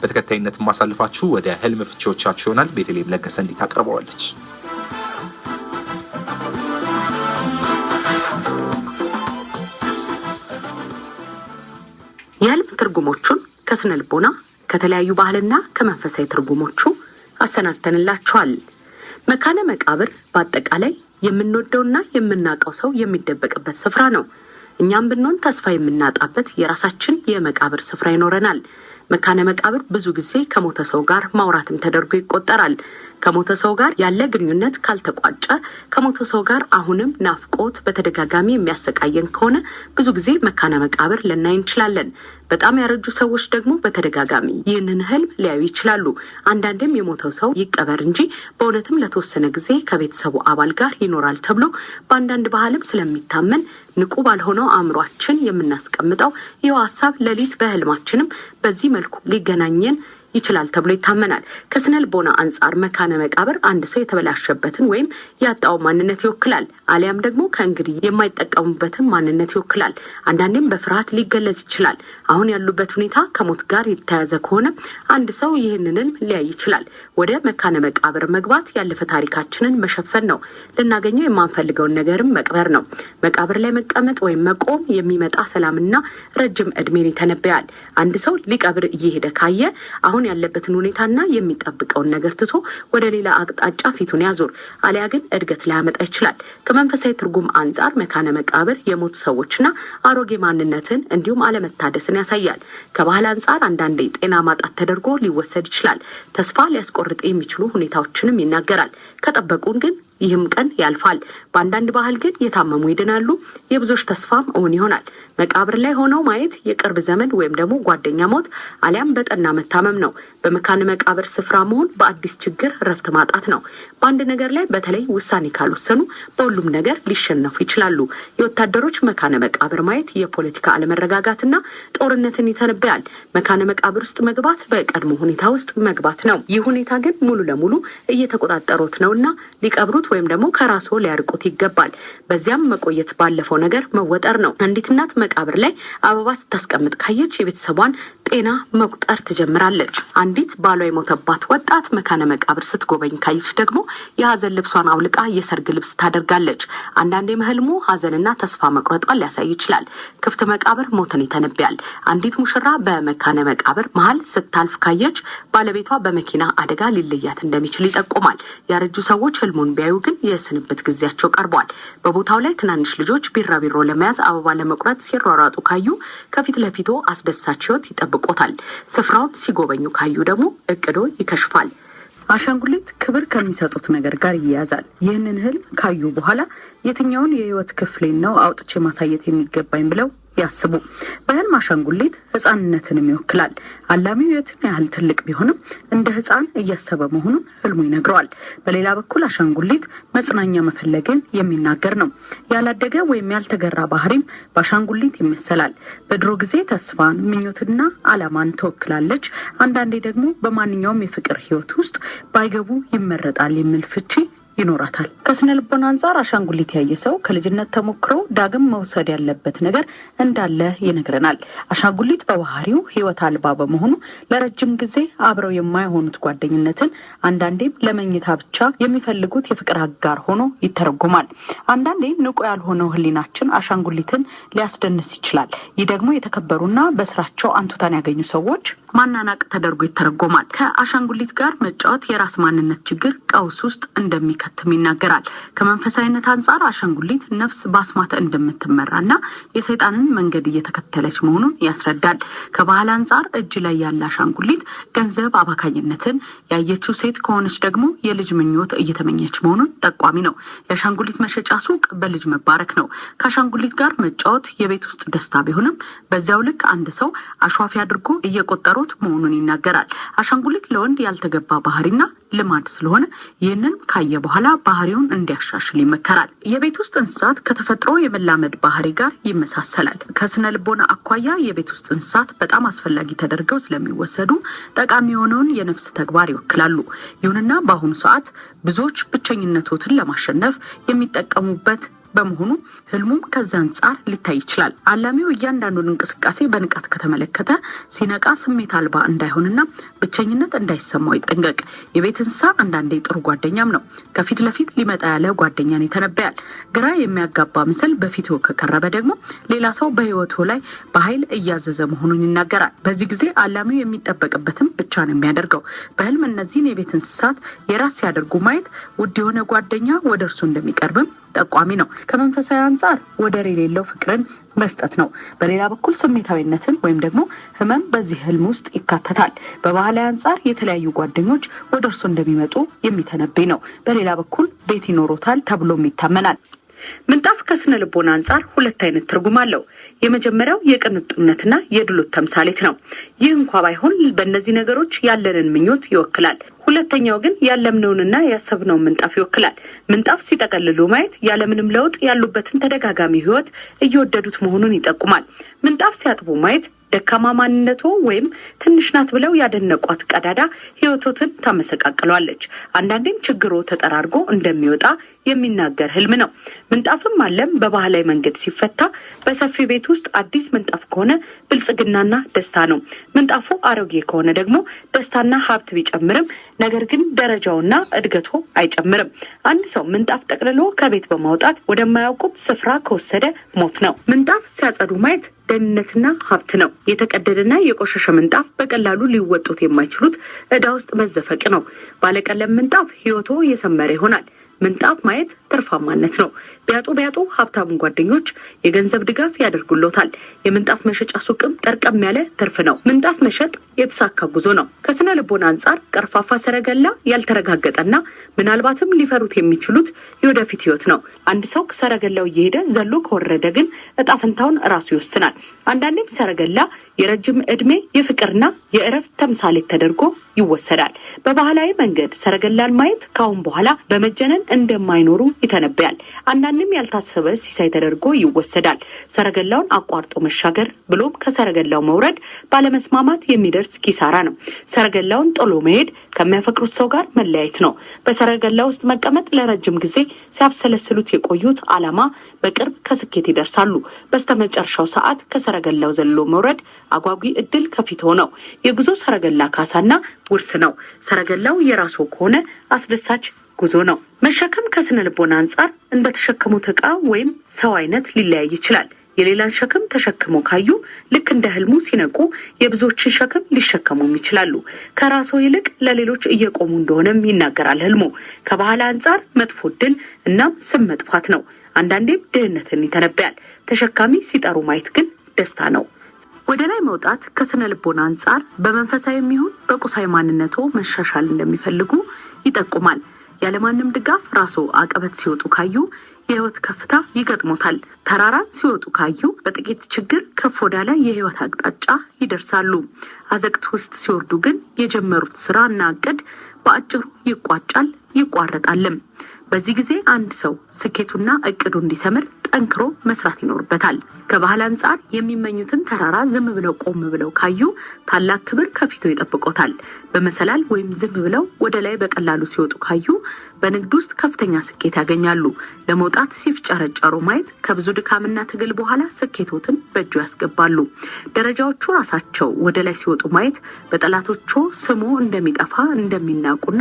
በተከታይነት ማሳልፋችሁ ወደ ህልም ፍቺዎቻችሁ ይሆናል። ቤተልሔም ለገሰ እንዲህ የህልም ትርጉሞቹን ከስነ ልቦና ከተለያዩ ባህልና ከመንፈሳዊ ትርጉሞቹ አሰናድተንላችኋል። መካነ መቃብር በአጠቃላይ የምንወደውና የምናውቀው ሰው የሚደበቅበት ስፍራ ነው። እኛም ብንሆን ተስፋ የምናጣበት የራሳችን የመቃብር ስፍራ ይኖረናል። መካነ መቃብር ብዙ ጊዜ ከሞተ ሰው ጋር ማውራትም ተደርጎ ይቆጠራል። ከሞተ ሰው ጋር ያለ ግንኙነት ካልተቋጨ ከሞተ ሰው ጋር አሁንም ናፍቆት በተደጋጋሚ የሚያሰቃየን ከሆነ ብዙ ጊዜ መካነ መቃብር ልናይ እንችላለን። በጣም ያረጁ ሰዎች ደግሞ በተደጋጋሚ ይህንን ህልም ሊያዩ ይችላሉ። አንዳንዴም የሞተው ሰው ይቀበር እንጂ በእውነትም ለተወሰነ ጊዜ ከቤተሰቡ አባል ጋር ይኖራል ተብሎ በአንዳንድ ባህልም ስለሚታመን ንቁ ባልሆነው አእምሯችን የምናስቀምጠው ይህ ሀሳብ ሌሊት በህልማችንም በዚህ መልኩ ሊገናኘን ይችላል ተብሎ ይታመናል። ከስነልቦና ልቦና አንጻር መካነ መቃብር አንድ ሰው የተበላሸበትን ወይም ያጣው ማንነት ይወክላል፣ አሊያም ደግሞ ከእንግዲህ የማይጠቀሙበትን ማንነት ይወክላል። አንዳንዴም በፍርሃት ሊገለጽ ይችላል። አሁን ያሉበት ሁኔታ ከሞት ጋር የተያያዘ ከሆነ አንድ ሰው ይህንንም ሊያይ ይችላል። ወደ መካነ መቃብር መግባት ያለፈ ታሪካችንን መሸፈን ነው። ልናገኘው የማንፈልገውን ነገርም መቅበር ነው። መቃብር ላይ መቀመጥ ወይም መቆም የሚመጣ ሰላምና ረጅም እድሜን ይተነበያል። አንድ ሰው ሊቀብር እየሄደ ካየ አሁን አሁን ያለበትን ሁኔታና የሚጠብቀውን ነገር ትቶ ወደ ሌላ አቅጣጫ ፊቱን ያዞር፣ አሊያ ግን እድገት ሊያመጣ ይችላል። ከመንፈሳዊ ትርጉም አንጻር መካነ መቃብር የሞቱ ሰዎችና አሮጌ ማንነትን እንዲሁም አለመታደስን ያሳያል። ከባህል አንጻር አንዳንዴ ጤና ማጣት ተደርጎ ሊወሰድ ይችላል። ተስፋ ሊያስቆርጥ የሚችሉ ሁኔታዎችንም ይናገራል። ከጠበቁን ግን ይህም ቀን ያልፋል። በአንዳንድ ባህል ግን የታመሙ ይድናሉ፣ የብዙዎች ተስፋም እውን ይሆናል። መቃብር ላይ ሆነው ማየት የቅርብ ዘመን ወይም ደግሞ ጓደኛ ሞት አሊያም በጠና መታመም ነው። በመካነ መቃብር ስፍራ መሆን በአዲስ ችግር ረፍት ማጣት ነው። በአንድ ነገር ላይ በተለይ ውሳኔ ካልወሰኑ በሁሉም ነገር ሊሸነፉ ይችላሉ። የወታደሮች መካነ መቃብር ማየት የፖለቲካ አለመረጋጋትና ጦርነትን ይተነብያል። መካነ መቃብር ውስጥ መግባት በቀድሞ ሁኔታ ውስጥ መግባት ነው። ይህ ሁኔታ ግን ሙሉ ለሙሉ እየተቆጣጠሩት ነው እና ሊቀብሩት ወይም ደግሞ ከራስዎ ሊያርቁት ይገባል። በዚያም መቆየት ባለፈው ነገር መወጠር ነው። አንዲት እናት መቃብር ላይ አበባ ስታስቀምጥ ካየች የቤተሰቧን ጤና መቁጠር ትጀምራለች። አንዲት ባሏ የሞተባት ወጣት መካነ መቃብር ስትጎበኝ ካየች ደግሞ የሀዘን ልብሷን አውልቃ የሰርግ ልብስ ታደርጋለች። አንዳንዴም ህልሙ ሀዘንና ተስፋ መቁረጧን ሊያሳይ ይችላል። ክፍት መቃብር ሞትን ይተነብያል። አንዲት ሙሽራ በመካነ መቃብር መሀል ስታልፍ ካየች ባለቤቷ በመኪና አደጋ ሊለያት እንደሚችል ይጠቁማል። ያረጁ ሰዎች ህልሙን ቢያዩ ግን የስንብት ጊዜያቸው ቀርቧል። በቦታው ላይ ትናንሽ ልጆች ቢራቢሮ ለመያዝ አበባ ለመቁረጥ ሲሯሯጡ ካዩ ከፊት ለፊቱ አስደሳች ህይወት ይጠብቁ አስታውቆታል። ስፍራውን ሲጎበኙ ካዩ ደግሞ እቅዶ ይከሽፋል። አሻንጉሊት ክብር ከሚሰጡት ነገር ጋር ይያዛል ይህንን ህልም ካዩ በኋላ የትኛውን የህይወት ክፍሌን ነው አውጥቼ ማሳየት የሚገባኝ ብለው ያስቡ። በህልም አሻንጉሊት ህፃንነትንም ይወክላል። አላሚው የቱን ያህል ትልቅ ቢሆንም እንደ ህፃን እያሰበ መሆኑን ህልሙ ይነግረዋል። በሌላ በኩል አሻንጉሊት መጽናኛ መፈለግን የሚናገር ነው። ያላደገ ወይም ያልተገራ ባህሪም በአሻንጉሊት ይመሰላል። በድሮ ጊዜ ተስፋን፣ ምኞትና አላማን ትወክላለች። አንዳንዴ ደግሞ በማንኛውም የፍቅር ህይወት ውስጥ ባይገቡ ይመረጣል የሚል ፍቺ ይኖራታል። ከስነ ልቦና አንጻር አሻንጉሊት ያየ ሰው ከልጅነት ተሞክሮ ዳግም መውሰድ ያለበት ነገር እንዳለ ይነግረናል። አሻንጉሊት በባህሪው ሕይወት አልባ በመሆኑ ለረጅም ጊዜ አብረው የማይሆኑት ጓደኝነትን፣ አንዳንዴም ለመኝታ ብቻ የሚፈልጉት የፍቅር አጋር ሆኖ ይተረጎማል። አንዳንዴ ንቁ ያልሆነው ሕሊናችን አሻንጉሊትን ሊያስደንስ ይችላል። ይህ ደግሞ የተከበሩና በስራቸው አንቱታን ያገኙ ሰዎች ማናናቅ ተደርጎ ይተረጎማል። ከአሻንጉሊት ጋር መጫወት የራስ ማንነት ችግር ቀውስ ውስጥ እንደሚከትም ይናገራል። ከመንፈሳዊነት አንጻር አሻንጉሊት ነፍስ በአስማተ እንደምትመራና የሰይጣንን መንገድ እየተከተለች መሆኑን ያስረዳል። ከባህል አንጻር እጅ ላይ ያለ አሻንጉሊት ገንዘብ አባካኝነትን፣ ያየችው ሴት ከሆነች ደግሞ የልጅ ምኞት እየተመኘች መሆኑን ጠቋሚ ነው። የአሻንጉሊት መሸጫ ሱቅ በልጅ መባረክ ነው። ከአሻንጉሊት ጋር መጫወት የቤት ውስጥ ደስታ ቢሆንም በዚያው ልክ አንድ ሰው አሸዋፊ አድርጎ እየቆጠሩ የሚኖሩት መሆኑን ይናገራል። አሻንጉሊት ለወንድ ያልተገባ ባህሪና ልማድ ስለሆነ ይህንን ካየ በኋላ ባህሪውን እንዲያሻሽል ይመከራል። የቤት ውስጥ እንስሳት ከተፈጥሮ የመላመድ ባህሪ ጋር ይመሳሰላል። ከስነ ልቦና አኳያ የቤት ውስጥ እንስሳት በጣም አስፈላጊ ተደርገው ስለሚወሰዱ ጠቃሚ የሆነውን የነፍስ ተግባር ይወክላሉ። ይሁንና በአሁኑ ሰዓት ብዙዎች ብቸኝነቶትን ለማሸነፍ የሚጠቀሙበት በመሆኑ ህልሙም ከዚ አንጻር ሊታይ ይችላል። አላሚው እያንዳንዱን እንቅስቃሴ በንቃት ከተመለከተ ሲነቃ ስሜት አልባ እንዳይሆንና ብቸኝነት እንዳይሰማው ይጠንቀቅ። የቤት እንስሳ አንዳንዴ ጥሩ ጓደኛም ነው። ከፊት ለፊት ሊመጣ ያለ ጓደኛን ይተነበያል። ግራ የሚያጋባ ምስል በፊትዎ ከቀረበ ደግሞ ሌላ ሰው በህይወቱ ላይ በኃይል እያዘዘ መሆኑን ይናገራል። በዚህ ጊዜ አላሚው የሚጠበቅበትም ብቻ ነው የሚያደርገው። በህልም እነዚህን የቤት እንስሳት የራስ ሲያደርጉ ማየት ውድ የሆነ ጓደኛ ወደ እርሱ እንደሚቀርብም ጠቋሚ ነው። ከመንፈሳዊ አንጻር ወደር የሌለው ፍቅርን መስጠት ነው። በሌላ በኩል ስሜታዊነትን ወይም ደግሞ ህመም በዚህ ህልም ውስጥ ይካተታል። በባህላዊ አንጻር የተለያዩ ጓደኞች ወደ እርሱ እንደሚመጡ የሚተነብይ ነው። በሌላ በኩል ቤት ይኖሮታል ተብሎም ይታመናል። ምንጣፍ ከስነ ልቦና አንጻር ሁለት አይነት ትርጉም አለው። የመጀመሪያው የቅንጡነትና የድሎት ተምሳሌት ነው። ይህ እንኳ ባይሆን በእነዚህ ነገሮች ያለንን ምኞት ይወክላል። ሁለተኛው ግን ያለምነውንና ያሰብነውን ምንጣፍ ይወክላል። ምንጣፍ ሲጠቀልሉ ማየት ያለምንም ለውጥ ያሉበትን ተደጋጋሚ ህይወት እየወደዱት መሆኑን ይጠቁማል። ምንጣፍ ሲያጥቡ ማየት ደካማ ማንነቱ ወይም ትንሽ ናት ብለው ያደነቋት ቀዳዳ ህይወቶትን ታመሰቃቅሏለች። አንዳንዴም ችግሮ ተጠራርጎ እንደሚወጣ የሚናገር ህልም ነው። ምንጣፍም አለም በባህላዊ መንገድ ሲፈታ በሰፊ ቤት ውስጥ አዲስ ምንጣፍ ከሆነ ብልጽግናና ደስታ ነው። ምንጣፉ አሮጌ ከሆነ ደግሞ ደስታና ሀብት ቢጨምርም ነገር ግን ደረጃውና እድገቱ አይጨምርም። አንድ ሰው ምንጣፍ ጠቅልሎ ከቤት በማውጣት ወደማያውቁት ስፍራ ከወሰደ ሞት ነው። ምንጣፍ ሲያጸዱ ማየት ደህንነትና ሀብት ነው። የተቀደደና የቆሸሸ ምንጣፍ በቀላሉ ሊወጡት የማይችሉት እዳ ውስጥ መዘፈቅ ነው። ባለቀለም ምንጣፍ ህይወቶ የሰመረ ይሆናል። ምንጣፍ ማየት ትርፋማነት ነው። ቢያጡ ቢያጡ ሀብታሙን ጓደኞች የገንዘብ ድጋፍ ያደርጉሎታል። የምንጣፍ መሸጫ ሱቅም ጠርቀም ያለ ትርፍ ነው። ምንጣፍ መሸጥ የተሳካ ጉዞ ነው። ከስነ ልቦና አንጻር ቀርፋፋ ሰረገላ ያልተረጋገጠና ምናልባትም ሊፈሩት የሚችሉት የወደፊት ህይወት ነው። አንድ ሰው ሰረገላው እየሄደ ዘሎ ከወረደ ግን እጣፈንታውን ራሱ ይወስናል። አንዳንዴም ሰረገላ የረጅም ዕድሜ የፍቅርና የእረፍት ተምሳሌት ተደርጎ ይወሰዳል። በባህላዊ መንገድ ሰረገላን ማየት ካሁን በኋላ በመጀነን እንደማይኖሩ ይተነብያል። አንዳንድም ያልታሰበ ሲሳይ ተደርጎ ይወሰዳል። ሰረገላውን አቋርጦ መሻገር ብሎም ከሰረገላው መውረድ ባለመስማማት የሚደርስ ኪሳራ ነው። ሰረገላውን ጥሎ መሄድ ከሚያፈቅሩት ሰው ጋር መለያየት ነው። በሰረገላ ውስጥ መቀመጥ ለረጅም ጊዜ ሲያብሰለስሉት የቆዩት ዓላማ በቅርብ ከስኬት ይደርሳሉ። በስተመጨረሻው ሰዓት ሰረገላው ዘሎ መውረድ አጓጊ እድል ከፊት ሆነው የጉዞ ሰረገላ ካሳና ውርስ ነው። ሰረገላው የራሱ ከሆነ አስደሳች ጉዞ ነው። መሸከም ከስነ ልቦና አንጻር እንደተሸከሙት እቃ ወይም ሰው አይነት ሊለያይ ይችላል። የሌላን ሸክም ተሸክሞ ካዩ ልክ እንደ ህልሙ ሲነቁ የብዙዎችን ሸክም ሊሸከሙም ይችላሉ። ከራሶ ይልቅ ለሌሎች እየቆሙ እንደሆነም ይናገራል ህልሙ። ከባህል አንጻር መጥፎ እድል እናም ስም መጥፋት ነው። አንዳንዴም ድህነትን ይተነብያል። ተሸካሚ ሲጠሩ ማየት ግን ደስታ ነው። ወደ ላይ መውጣት ከስነ ልቦና አንጻር በመንፈሳዊ የሚሆን በቁሳዊ ማንነቶ መሻሻል እንደሚፈልጉ ይጠቁማል። ያለማንም ድጋፍ ራሶ አቀበት ሲወጡ ካዩ የህይወት ከፍታ ይገጥሞታል። ተራራን ሲወጡ ካዩ በጥቂት ችግር ከፍ ወዳለ የህይወት አቅጣጫ ይደርሳሉ። አዘቅት ውስጥ ሲወርዱ ግን የጀመሩት ስራ እና እቅድ በአጭሩ ይቋጫል፣ ይቋረጣልም። በዚህ ጊዜ አንድ ሰው ስኬቱና እቅዱ እንዲሰምር ጠንክሮ መስራት ይኖርበታል። ከባህል አንጻር የሚመኙትን ተራራ ዝም ብለው ቆም ብለው ካዩ ታላቅ ክብር ከፊቱ ይጠብቆታል። በመሰላል ወይም ዝም ብለው ወደ ላይ በቀላሉ ሲወጡ ካዩ በንግድ ውስጥ ከፍተኛ ስኬት ያገኛሉ። ለመውጣት ሲፍጨረጨሩ ማየት ከብዙ ድካምና ትግል በኋላ ስኬቶትን በእጁ ያስገባሉ። ደረጃዎቹ ራሳቸው ወደ ላይ ሲወጡ ማየት በጠላቶቹ ስሙ እንደሚጠፋ እንደሚናቁና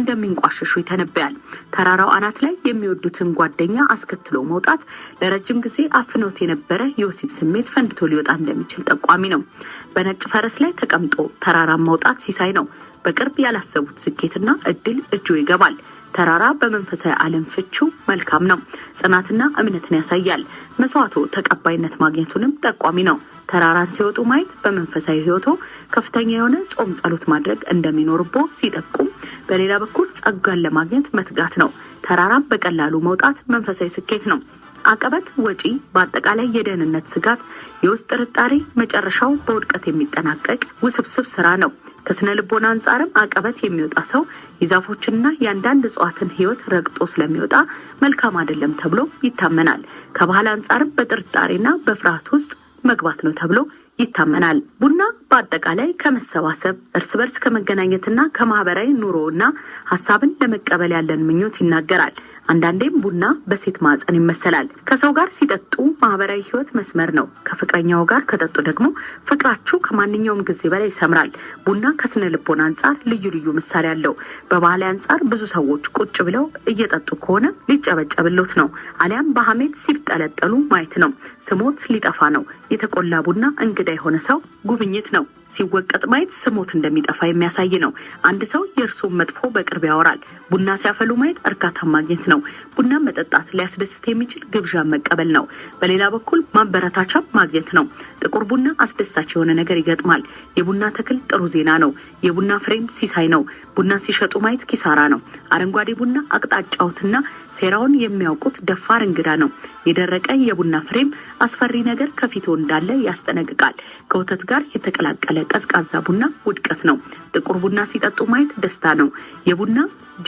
እንደሚንቋሸሹ ይተነበያል። ተራራው አናት ላይ የሚወዱትን ጓደኛ አስከትሎ መውጣት ለረጅም ጊዜ አፍኖት የነበረ የወሲብ ስሜት ፈንድቶ ሊወጣ እንደሚችል ጠቋሚ ነው። በነጭ ፈረስ ላይ ተቀምጦ ተራራን መውጣት ሲሳይ ነው። በቅርብ ያላሰቡት ስኬትና እድል እጁ ይገባል። ተራራ በመንፈሳዊ ዓለም ፍቹ መልካም ነው። ጽናትና እምነትን ያሳያል። መስዋዕቶ ተቀባይነት ማግኘቱንም ጠቋሚ ነው። ተራራን ሲወጡ ማየት በመንፈሳዊ ህይወቶ ከፍተኛ የሆነ ጾም፣ ጸሎት ማድረግ እንደሚኖርቦ ሲጠቁም፣ በሌላ በኩል ጸጋን ለማግኘት መትጋት ነው። ተራራን በቀላሉ መውጣት መንፈሳዊ ስኬት ነው። አቀበት፣ ወጪ፣ በአጠቃላይ የደህንነት ስጋት፣ የውስጥ ጥርጣሬ፣ መጨረሻው በውድቀት የሚጠናቀቅ ውስብስብ ስራ ነው። ከስነ ልቦና አንጻርም አቀበት የሚወጣ ሰው የዛፎችንና የአንዳንድ እጽዋትን ህይወት ረግጦ ስለሚወጣ መልካም አይደለም ተብሎ ይታመናል። ከባህል አንጻርም በጥርጣሬና በፍርሃት ውስጥ መግባት ነው ተብሎ ይታመናል። ቡና በአጠቃላይ ከመሰባሰብ እርስ በርስ ከመገናኘትና ከማህበራዊ ኑሮና ሀሳብን ለመቀበል ያለን ምኞት ይናገራል። አንዳንዴም ቡና በሴት ማዕፀን ይመሰላል። ከሰው ጋር ሲጠጡ ማህበራዊ ህይወት መስመር ነው። ከፍቅረኛው ጋር ከጠጡ ደግሞ ፍቅራችሁ ከማንኛውም ጊዜ በላይ ይሰምራል። ቡና ከስነ ልቦና አንጻር ልዩ ልዩ ምሳሌ አለው። በባህላዊ አንጻር ብዙ ሰዎች ቁጭ ብለው እየጠጡ ከሆነ ሊጨበጨብሎት ነው፣ አሊያም በሀሜት ሲብጠለጠሉ ማየት ነው። ስሞት ሊጠፋ ነው። የተቆላ ቡና እንግዳ የሆነ ሰው ጉብኝት ነው። ሲወቀጥ ማየት ስሞት እንደሚጠፋ የሚያሳይ ነው። አንድ ሰው የእርሶን መጥፎ በቅርብ ያወራል። ቡና ሲያፈሉ ማየት እርካታ ማግኘት ነው። ቡና መጠጣት ሊያስደስት የሚችል ግብዣ መቀበል ነው። በሌላ በኩል ማበረታቻ ማግኘት ነው። ጥቁር ቡና አስደሳች የሆነ ነገር ይገጥማል። የቡና ተክል ጥሩ ዜና ነው። የቡና ፍሬም ሲሳይ ነው። ቡና ሲሸጡ ማየት ኪሳራ ነው። አረንጓዴ ቡና አቅጣጫውትና ሴራውን የሚያውቁት ደፋር እንግዳ ነው። የደረቀ የቡና ፍሬም አስፈሪ ነገር ከፊቱ እንዳለ ያስጠነቅቃል። ከወተት ጋር የተቀላቀለ ቀዝቃዛ ቡና ውድቀት ነው። ጥቁር ቡና ሲጠጡ ማየት ደስታ ነው። የቡና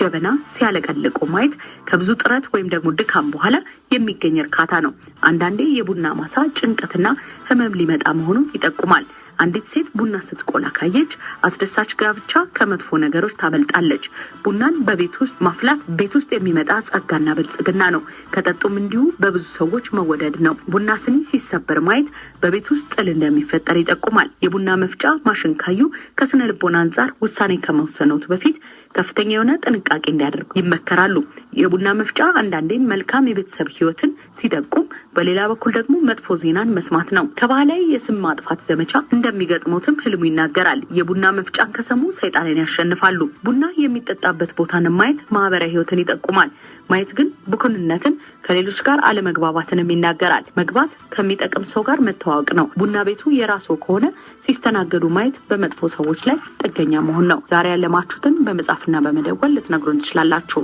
ጀበና ሲያለቀልቁ ማየት ከብዙ ጥረት ወይም ደግሞ ድካም በኋላ የሚገኝ እርካታ ነው። አንዳንዴ የቡና ማሳ ጭንቀትና ሕመም ሊመጣ መሆኑን ይጠቁማል። አንዲት ሴት ቡና ስትቆላ ካየች አስደሳች ጋብቻ ከመጥፎ ነገሮች ታበልጣለች። ቡናን በቤት ውስጥ ማፍላት ቤት ውስጥ የሚመጣ ጸጋና ብልጽግና ነው። ከጠጡም እንዲሁ በብዙ ሰዎች መወደድ ነው። ቡና ስኒ ሲሰበር ማየት በቤት ውስጥ ጥል እንደሚፈጠር ይጠቁማል። የቡና መፍጫ ማሽን ካዩ ከስነ ልቦና አንጻር ውሳኔ ከመወሰነውት በፊት ከፍተኛ የሆነ ጥንቃቄ እንዲያደርጉ ይመከራሉ። የቡና መፍጫ አንዳንዴ መልካም የቤተሰብ ህይወትን ሲጠቁም፣ በሌላ በኩል ደግሞ መጥፎ ዜናን መስማት ነው። ከባህላዊ የስም ማጥፋት ዘመቻ እንደሚገጥሙትም ህልሙ ይናገራል። የቡና መፍጫን ከሰሙ ሰይጣንን ያሸንፋሉ። ቡና የሚጠጣበት ቦታን ማየት ማህበራዊ ህይወትን ይጠቁማል። ማየት ግን ብኩንነትን፣ ከሌሎች ጋር አለመግባባትንም ይናገራል። መግባት ከሚጠቅም ሰው ጋር መተዋወቅ ነው። ቡና ቤቱ የራሱ ከሆነ ሲስተናገዱ ማየት በመጥፎ ሰዎች ላይ ጥገኛ መሆን ነው። ዛሬ ያለማችሁትን በመጻፍና በመደወል ልትነግሩን ትችላላችሁ።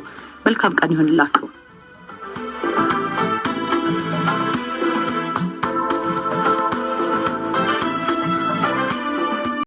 መልካም ቀን ይሆንላችሁ።